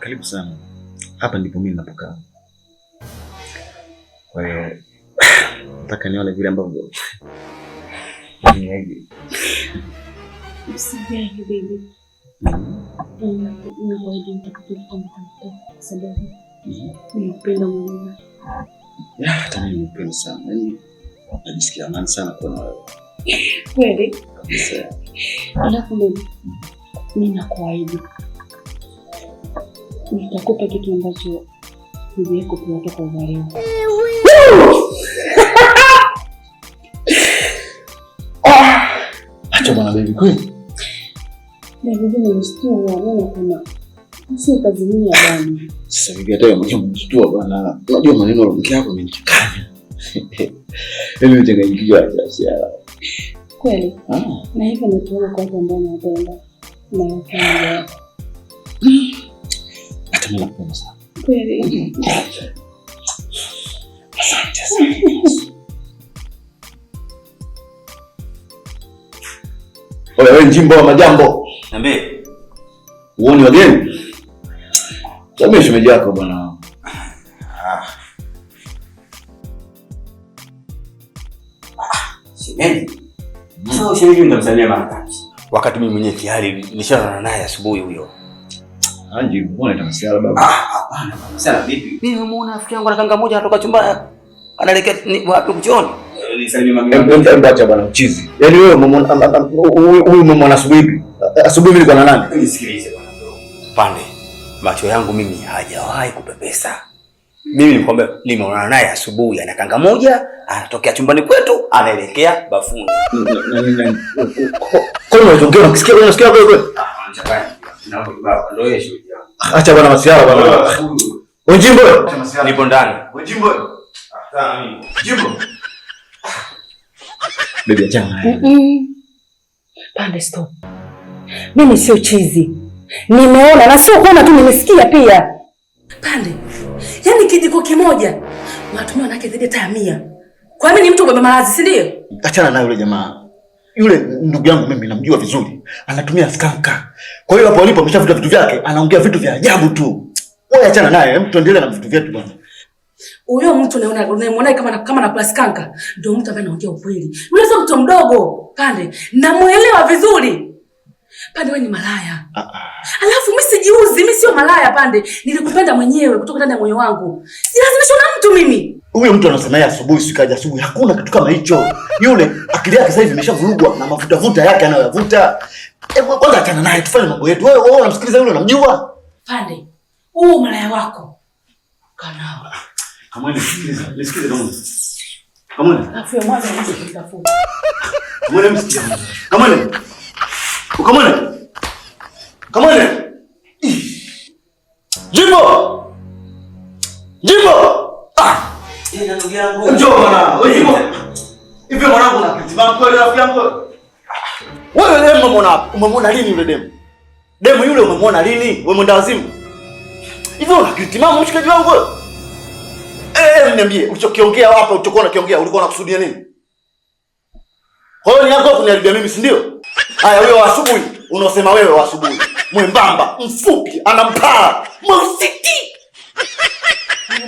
Karibu sana. Hapa ndipo mimi ninapokaa. Kwa hiyo nataka nione vile ambavyo mimi nimependa sana. Yaani najisikia amani sana kuwa na wewe. Kweli? Kabisa. Alafu ninakuahidi nitakupa kitu ambacho hujawahi kupewa toka uzaliwa. Ah, acha bwana baby kweli. Sasa bibi hata mmoja mshtua bwana. Unajua maneno yaliongea hapo yamenichanganya. Mimi nimechanganyikiwa kiasi hapa. Kweli. Ah. Na hivyo natoka kwa watu ambao nawapenda na wapenda. mimi nakupenda sana. Asante sana. wewe Njimbo wa majambo. Niambie. uoni wageni? Jamii shemeji yako bwana. Ah. ah shemeji. Mm. Sasa shemeji mara ngapi? Wakati mimi mwenyewe tayari nishaonana naye asubuhi huyo. Anji mbona itamsiala baba? Ah, hapana, sana vipi? Mimi namuona rafiki yangu na moja anatoka chumba anaelekea wapi kuchoni? Eh, Nisalimie mami. acha bwana mchizi. Yaani wewe muone huyu muone asubuhi Asubuhi nilikuwa na nani? Nisikilize bwana bro. Pande. Macho yangu mimi hajawahi kupepesa. Mimi nikwambia nimeonana naye asubuhi anakanga moja anatokea chumbani kwetu anaelekea bafuni. Mm, mm, mm, Kwa nini unajongea? Unasikia unasikia kweli kweli? Ah, Acha bwana masiara bwana. Ujimbo. Nipo ndani. Ujimbo. Ujimbo. Bibi jana. Pande stop. Mimi sio chizi. Nimeona na sio kuona tu, nimesikia pia. Pande. Yaani kijiko kimoja. watu nake zaidi ya mia. Kwa nini mtu kwa mama si ndio? Achana na yule jamaa yule ndugu yangu mimi namjua vizuri, anatumia skanka. Kwa hiyo hapo alipo ameshafuta vitu vyake, anaongea vitu vya ajabu tu. Wewe achana naye, mtu endelee na vitu vyetu bwana. Huyo mtu naona unayemwona kama kama anakula skanka ndio mtu ambaye anaongea ukweli. Yule sio mtu mdogo, pande. Namuelewa vizuri. Pande wewe ni malaya. Ah ah. Alafu mimi sijiuzi, mimi sio malaya pande. Nilikupenda mwenyewe kutoka ndani ya moyo wangu. Si lazima shona mtu mimi. Huyo mtu anasemea asubuhi sikaja asubuhi, hakuna kitu kama hicho. Yule akili yake sasa hivi imeshavurugwa na mafuta vuta yake anayoyavuta Hebu kwanza achana naye tufanye mambo yetu. Wewe wewe unamsikiliza yule unamjua? Pande. Huu malaya wako. Kanao. Kama sikiliza, nisikilize kama. Kama ni. mwanzo nisikiliza fupi. Kama msikia. ndugu yangu. Njoo mwanangu. Hivi mwanangu na kitu kweli rafiki yangu. Wewe leo umemwona hapo? Umemwona lini yule demu? Demu yule umemwona lini? Wewe mwenda wazimu. Hivi una kitimama mshikaji wangu wewe? Eh, eh, niambie ulichokiongea hapa utakuwa unakiongea ulikuwa unakusudia nini? Kwa hiyo ni yako kuniharibia mimi si ndio? Haya wewe wa asubuhi unaosema wewe wa asubuhi. Mwembamba, mfupi, anampaa. Mwausiki.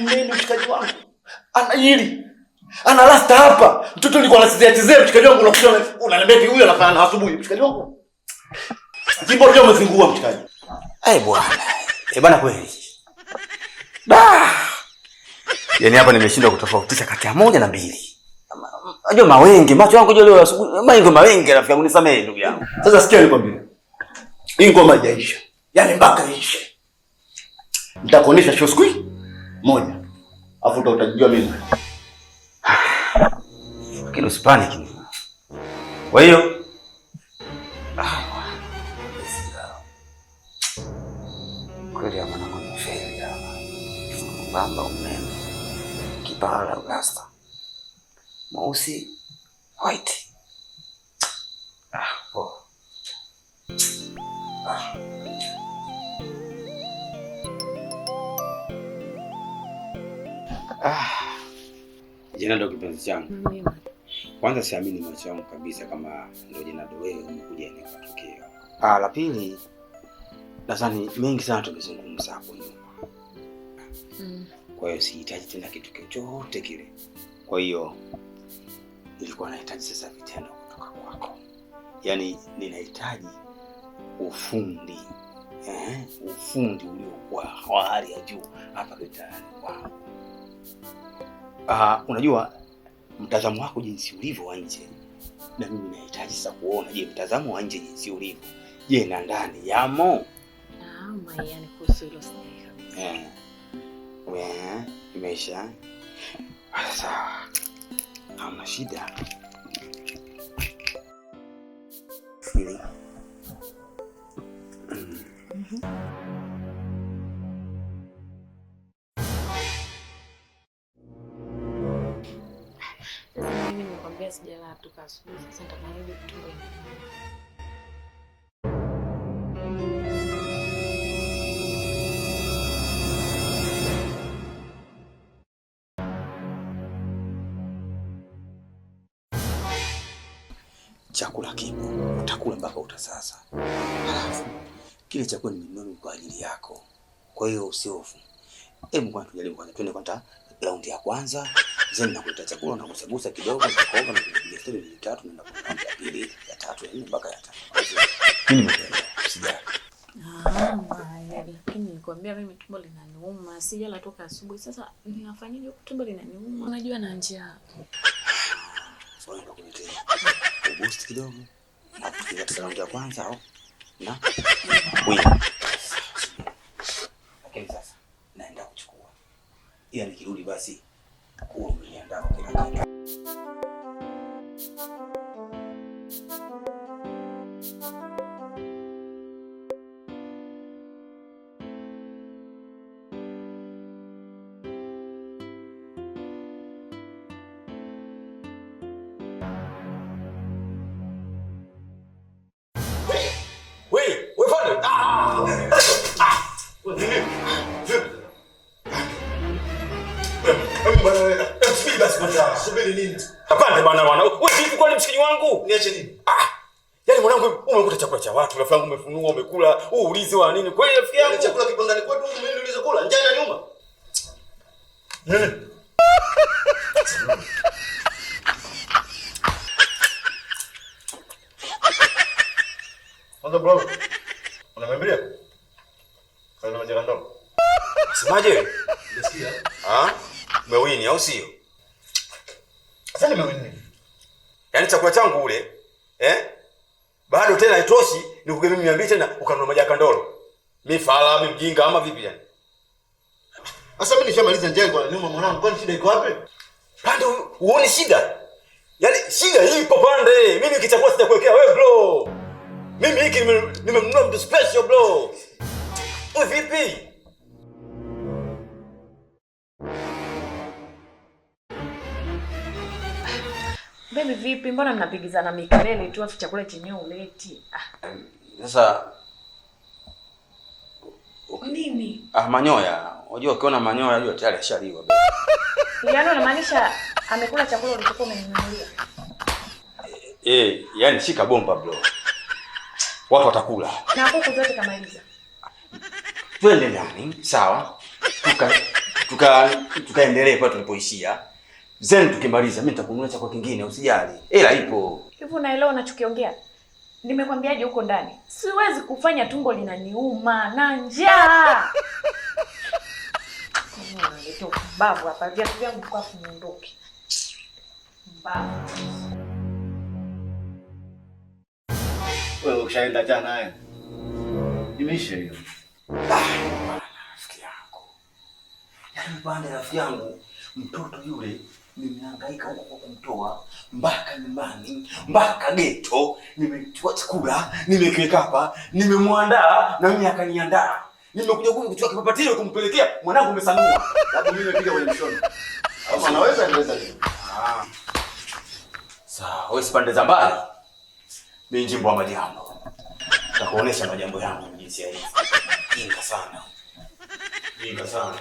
Mimi mshikaji wangu ana hili ana rasta hapa. Mtoto alikuwa nachezea chezea, mshikaji wangu unakuja unaniambia huyu na asubuhi. Mshikaji wangu jimbo leo umezingua mshikaji. Eh bwana eh bwana, kweli da, yani hapa nimeshindwa kutofautisha kati ya moja na mbili. Unajua mawenge macho yangu jeo leo asubuhi mawenge mawenge, rafiki yangu nisamehe, ndugu yangu. Sasa sikia nikwambie, hii ngoma haijaisha, yani mpaka ishe, nitakuonesha show siku moja Afu ndo utajijua mimi. Lakini usipanic. Kwa hiyo ah, kweli ya mwanangu ni feli ya mbamba umeme kipara ugasta mausi white Ah, Jena ndo kipenzi changu. Kwanza siamini macho yangu kabisa kama ndio Jena ndo wewe umekuja eneo katokeo. Ah, la pili nadhani mengi sana tumezungumza hapo nyuma. Mm. Kwa hiyo sihitaji tena kitu chochote kile. Kwa hiyo nilikuwa nahitaji sasa vitendo kutoka kwako, yaani ninahitaji ufundi eh, ufundi uliokuwa wa hali ya juu hapa kitaani kwangu uh, unajua mtazamo wako jinsi ulivyo wa nje, na mimi nahitaji sasa kuona, je, mtazamo wa nje jinsi ulivyo, je, na ndani yamo eh, Imesha sasa, hamna shida. Mm-hmm. mm-hmm. mimi nimekwambia sijalala toka asubuhi, sasa nitakarudi tumboni. Chakula kipo, utakula mpaka utasasa. Alafu kile chakula nimenunua kwa ajili yako, kwa hiyo usiofu. Hebu kwanza tujaribu kwanza, twende kwanza raundi ya kwanza zeni nakuleta chakula na kusagusa kidogo na kuoga na kupiga stori mbili tatu na nakuta ya pili ya tatu ya nne mpaka ya tano. Mimi nimependa sijala. Ah, mbaya lakini nikwambia mimi tumbo linaniuma. Sijala toka asubuhi. Sasa ninafanyaje tumbo linaniuma? Unajua na njaa. Sasa nakuletea. Ubusti kidogo. Na kupiga raundi ya kwanza au na. Wewe ila nikirudi basi huo mliandao kila kitu. kweli nini? Hapana bwana wana. Wewe vipi kwani mshikaji wangu? Niache nini? Ah. Yaani mwanangu umekuta chakula cha watu, rafiki yangu umefunua, umekula. Huu ulizi wa nini? Kweli rafiki yaani yangu. Chakula kipo ndani kwetu, mimi nilizo kula. Njaa inaniuma. Hmm. bro. Unaniambia? Kana majirani ndogo. Simaje? Nasikia. Ah? Umewini au sio? Sasa nimewenye. Yaani chakula changu ule eh? Bado tena itoshi nikugemea mia mbili tena ukanunua maji ya kandolo. Mimi fala, mimi mjinga ama vipi yani? Sasa mimi nishamaliza njengo na nyuma mwanangu, kwani shida iko wapi? Pande uone shida. Yaani shida hii ipo pande. Mimi kichakua sitakuwekea wewe bro. Mimi hiki nimenunua mtu special bro. Uvipi? Baby yaani vipi, mbona mnapigizana mikelele tu afu chakula chenyewe uleti? Ah. Sasa nini? Ah, manyoya. Unajua ukiona manyoya unajua tayari ashaliwa baby. Yaani unamaanisha amekula chakula ulichokuwa umenunulia? Eh, eh, yaani shika bomba bro. Watu watakula. Na kuku zote kama hizo. Twende ndani, sawa? Tuka tuka tukaendelee pale tulipoishia. Zeni tukimaliza mimi nitakununua chakula kingine usijali. Hela ipo. Hivi unaelewa unachokiongea? Nimekwambiaje huko ndani? Siwezi kufanya tumbo linaniuma na njaa. Ndio babu hapa viatu vyangu kwa kuniondoke. Babu. Wewe ukishaenda jana haya. Eh? Nimeisha hiyo. Ah, rafiki yangu. Yaani bwana rafiki yangu mtoto yule nimehangaika huko kwa kumtoa mpaka nyumbani mpaka geto, nimetoa chakula nimekiweka hapa, nimemwandaa na mimi akaniandaa, nimekuja huko kuchukua kipapatio kumpelekea mwanangu. Umesamia labda mimi nimepiga kwenye mshono, au anaweza anaweza. Ah, sawa wewe, sipande za mbali, mimi njimbo wa majambo nitakuonesha majambo yangu ni jinsi ya hivi. sana, jinga sana.